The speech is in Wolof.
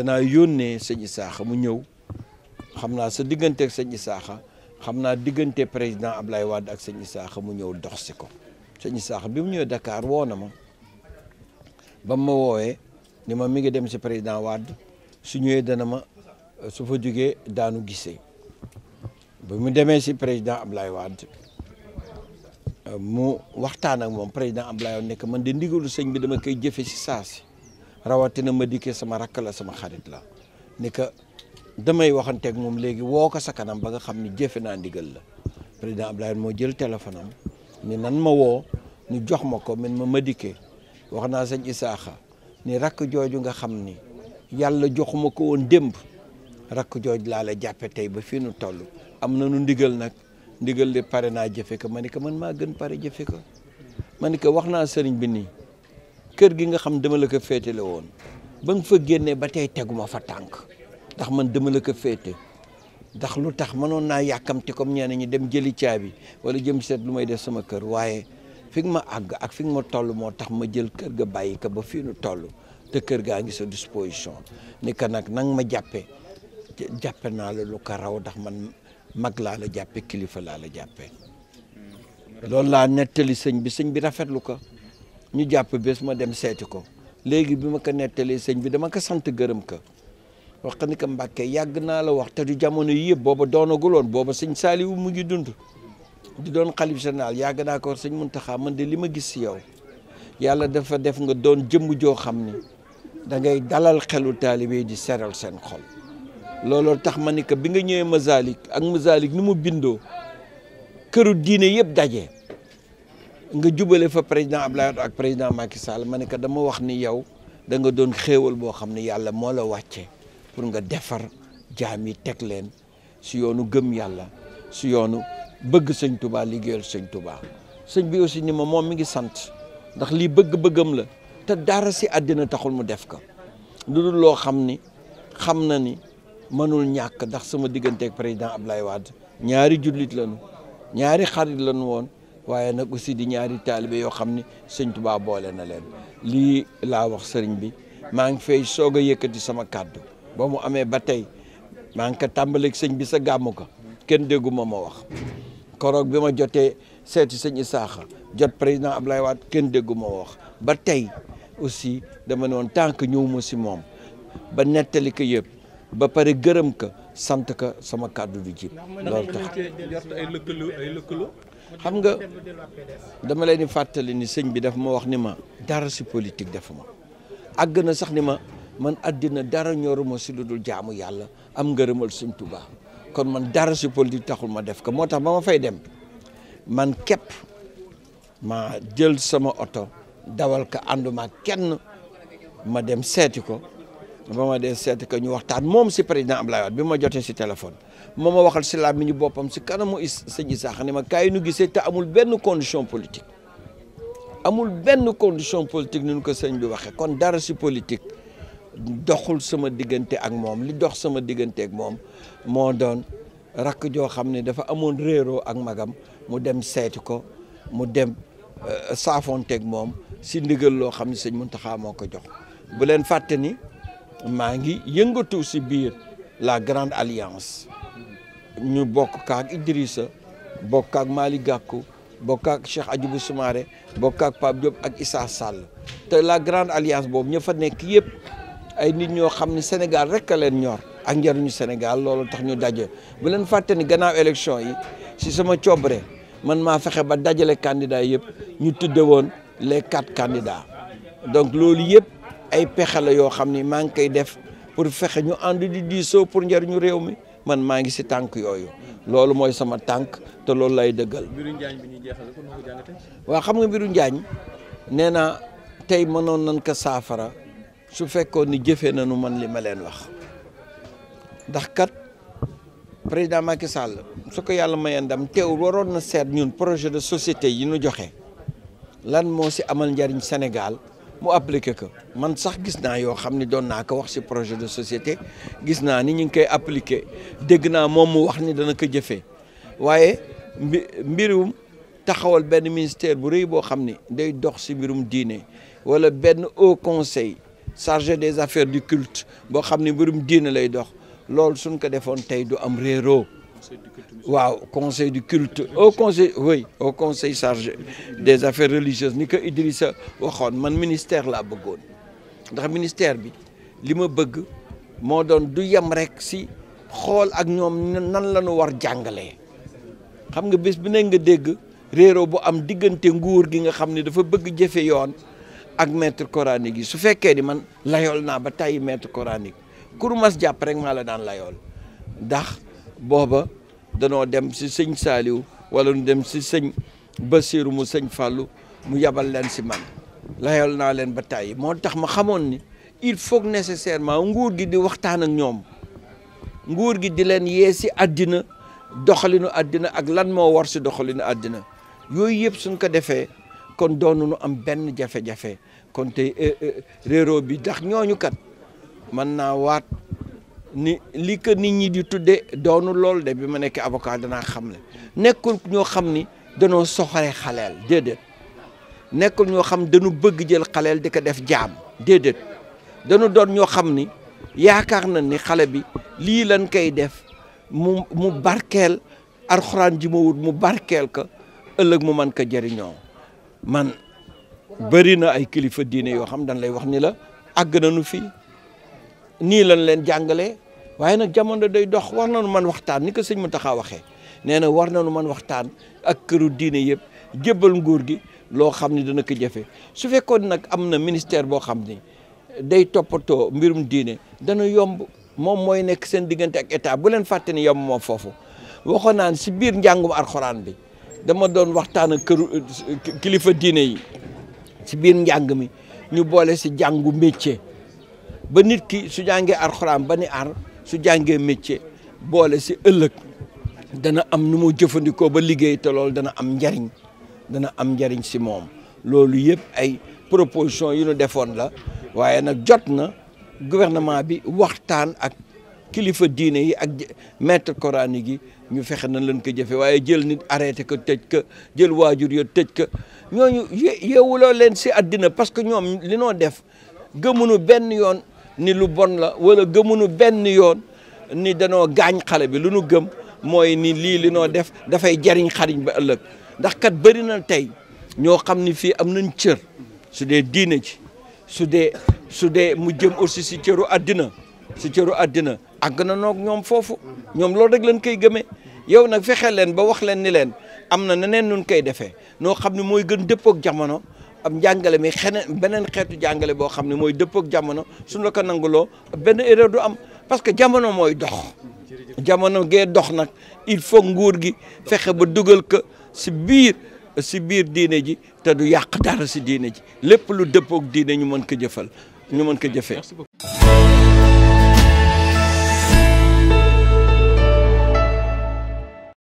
danaa yónnee sëñ Isaaxa mu ñëw xam naa sa digganteek ak saaxa xam naa diggante président Ablaye Wade ak sëñ Isaaxa mu ñëw dox si ko sëñ Isaaxa bi mu ñëwee dakaar woo na ma ba ma woowee ni ma mi ngi dem si président Wade su ñëwee dana ma su fa jógee daanu gisee ba mu demee si président Ablaye Wade mu waxtaan ak moom président Ablaye Wade nekk man de ndigalu sëñ bi dama koy jëfe si saa si rawatina ma dikkee sama rakk la sama xarit la ni que damay waxanteek moom léegi woo ko sa kanam ba nga xam ni jëfe naa ndigal la président Abdoulaye moo jël téléphone ni nan ma woo ni jox ma ko man ma ma dikkee wax naa sëñ Isaaxa ni rakk jooju nga xam ni yàlla joxuma ko woon démb rakk jooj laa la jàppe tey ba fii nu toll am na nu ndigal nag ndigal li pare naa jëfe ko ma ni ko man maa gën pare jëfe ko ma ni ko wax naa sëriñ bi nii kër gi nga xam dama la ko féetale woon ba nga fa génnee ba tey teguma fa tànk ndax man dama la ko féete ndax lu tax mënoon naa yàkkamti comme ñeneen ñi dem jëli caabi wala jëm seet lu may def sama kër waaye fi nga ma àgg ak fi nga ma toll moo tax ma jël kër ga bàyyi ko ba fii nu toll te kër gaa ngi sa disposition ni que nag nang ma jàppe jàppe naa la lu ko raw ndax man mag laa la jàppe kilifa laa la jàppe hmm. loolu laa nettali sëñ bi sëñ bi rafetlu ko ñu jàpp bés ma dem seeti ko léegi bi ma ko nettalee sëñ bi dama ko sant gërëm ka wax ni ko mbake yàgg naa la wax te du jamono yi yëpp booba doonaguloon booba sëñ Saaliwu mu ngi dund di doon xalif général yàgg naa ko sëñ Muntaxa man de li ma gis si yow yàlla dafa def nga doon jëmm joo xam ni da ngay dalal xelu taalibe di seral seen xol looloo tax ma ni que bi nga ñëwee Masalik ak Masalik nu mu bindoo këru diine yëpp daje. nga jubale fa président Abdoulaye Wade ak président Macky Sall ma ne que dama wax ni yow danga doon xéewal boo xam ne yàlla moo la wàcce pour nga defar jaam yi teg leen si yoonu gëm yàlla si yoonu bëgg sëñ tubaa liggéeyal sëñ Touba sëñ bi aussi ni ma moom mi ngi sant ndax lii bëgg-bëggam la te dara si àddina taxul mu def ko lu dul loo xam ni xam na ni mënul ñàkk ndax sama digganteeg président Abdoulaye Wade ñaari jullit lañu ñaari xarit lañu woon. waaye nag aussi di ñaari taalibe yoo xam ni sëñ Tuubaa boole na leen lii laa wax sëriñ bi maa ngi fay soog a yëkkati sama kàddu ba mu amee ba tey maa ngi ko tàmbaleeg sëñ bi sa gàmmu ko kenn dégguma ma wax koroog bi ma jotee seeti sëñ Isaaxa jot président Ablaye Wade kenn dégguma wax ba tey aussi dama noon tant que ñëwuma si moom ba nettali ko yëpp ba pare gërëm ko sant ko sama kàddu du jib xam nga dama leen di fàttali ni sëñ bi daf ma wax ni ma dara si politique defu ma àgg na sax ni ma man àddina dara ñoruma si lu dul jaamu yàlla am ngërëmal sëñ Tuubaa kon man dara si politique taxul ma def ko moo tax ba ma fay dem man képp ma jël sama oto dawal ko ànduma kenn ma dem seeti ko ba ma dee seeti ko ñu waxtaan moom si président Abdoulaye Wade bi ma jotee si téléphone moo ma waxal si laa mi boppam si kanamu is sëñ Isaaxa ne ma kaay nu gisee te amul benn condition politique amul benn condition politique ni ñu ko sëñ bi waxee kon dara si politique doxul sama diggante ak moom li dox sama diggante ak moom moo doon rakk joo xam ne dafa amoon réeroo ak magam mu dem seeti ko mu dem euh, saafoonteeg moom si ndigal loo xam ne sëñ Muntaxa moo ko jox bu leen fàtte ni maa ngi yëngatu si biir la grande alliance ñu bokk kaak Idrissa bokk ak Malick gàkku bokk ak Cheikh Adjibou Soumaré bokk ak Pape Diop ak Issa Sall te la grande alliance boobu ña fa nekk yëpp ay nit ñoo xam ne Sénégal rek a leen ñor ak njëriñu Sénégal loolu tax ñu daje bu leen fàtte ni gannaaw élection yi si sama coobare man maa fexe ba dajale candidats yëpp ñu tudde woon les quatre candidats donc loolu yëpp ay pexe la yoo xam ni maa ngi koy def pour fexe ñu ànd di diisoo pour njëriñu réew mi. man maa ngi si tànk yooyu loolu mooy sama tànk te loolu lay dëggal. mbiru Njaañ bi ñuy jeexal ko xam nga mbiru Njaañ nee naa tey mënoon nañ ko saafara su fekkoon ni jëfee nañu man li ma leen wax ndax kat président Macky Sall su ko yàlla mayee ndam teew waroon na seet ñun projet de société yi ñu joxe lan moo si amal njariñ Sénégal. mu appliqué ko man sax gis naa yoo xam ne doon naa ko wax si projet de société gis naa ni ñu ngi koy appliqué dégg naa moom mu wax ni dana ko jëfee waaye mbi mbirum taxawal benn ministère bu rëy boo xam ni day dox si mbirum diine walla benn haut conseil chargé des affaires du culte boo xam ne mbirum diine lay dox loolu suñ ko defoon tey du am réeroo. waaw conseil du culte au conseil oui au conseil chargé des affaires religieuses ni ko Idrissa waxoon man ministère laa bëggoon ndax ministère bi li ma bëgg moo doon du yem rek si xool ak ñoom nan la ñu war jàngalee xam nga bis bi ne nga dégg réeroo bu am diggante nguur gi nga xam ne dafa bëgg jëfe yoon ak metre coranique yi su fekkee ni man layool naa ba tàyyi maître coranique kur mas jàpp rek maa la daan layool ndax booba danoo dem si sëñ Saaliw wala nu dem si sëñ Basiiru mu sëñ Fàllu mu yebal leen si man layal naa leen ba tàyyi moo tax ma xamoon ni il faut nécessairement nguur gi di waxtaan ak ñoom nguur gi di leen yee si àddina doxalinu àddina ak lan moo war si doxalinu àddina yooyu yëpp suñ ko defee kon doonunu am benn jafe-jafe kon tey eh, eh, réero bi ndax ñooñu kat mën naa waat ni li que nit ñi di tuddee doonu lool de bi ma nekk avocat danaa xam le nekkul ñoo xam ni danoo soxore xaleel déedéet nekkul ñoo xam dañu bëgg jël xaleel di ko def jaam déedéet danu doon ñoo xam ni yaakaar na ni xale bi lii lan kay def mu mu barkeel arxuraan ji ma mu barkeel ko ëllëg mu man ka jariñoo man bëri na ay kilifa diine yoo xam dañ lay wax ni la àgg nañu fii nii lañ leen jàngalee waaye nag jamono day dox war nañu man waxtaan ni ko sëñ mu Mountakha waxee nee na war nañu man waxtaan ak këru diine yëpp jébbal nguur gi loo xam ne dana ko jafe su fekkoon nag am na ministère boo xam ni day toppatoo mbirum diine dana yomb moom mooy nekk seen diggante ak état bu leen fàtte ni yomb moom foofu waxoon naan si biir njàngum alxuraan bi dama doon waxtaan ak kër kilifa diine yi si biir njàng mi ñu boole si njàngu métier ba nit ki su jàngee alxuraan ba ni ar su jàngee métier boole si ëllëg dana am nu mu jëfandikoo ba liggéey te loolu dana am njariñ dana am njariñ si moom loolu yëpp ay proposition yu ñu defoon la waaye nag jot na gouvernement bi waxtaan ak kilifa diine yi ak maître koraani gi ñu fexe nañ leen ko jëfe waaye jël nit arrêté ko tëj ko jël waajur yo tëj ko ñooñu yeewuloo leen si àddina parce que ñoom li noo def gëmunu benn yoon ni lu bon la wala gëmunu benn yoon ni danoo gaañ xale bi lu nu gëm mooy ni lii li noo def dafay jariñ xariñ ba ëllëg ndax kat bëri na tey ñoo xam ni fii am nañ cër su dee diine ci su dee su dee mu jëm aussi si cëru àddina si cëru àddina àgg na noog ñoom foofu ñoom loolu rek lañ koy gëmee yow nag fexe leen ba wax leen ni leen am na neneen nun koy defee noo xam ne mooy gën dëppook jamono am njàngale mi xeneen beneen xeetu jàngale boo xam ne mooy dëppook jamono su la ko nanguloo benn erreur du am parce que jamono mooy dox jamono gee dox nag il faut nguur gi fexe ba dugal ko si biir si biir diine ji te du yàq dara si diine ji lépp lu dëppook diine ñu mën ko jëfal ñu mën ko jëfee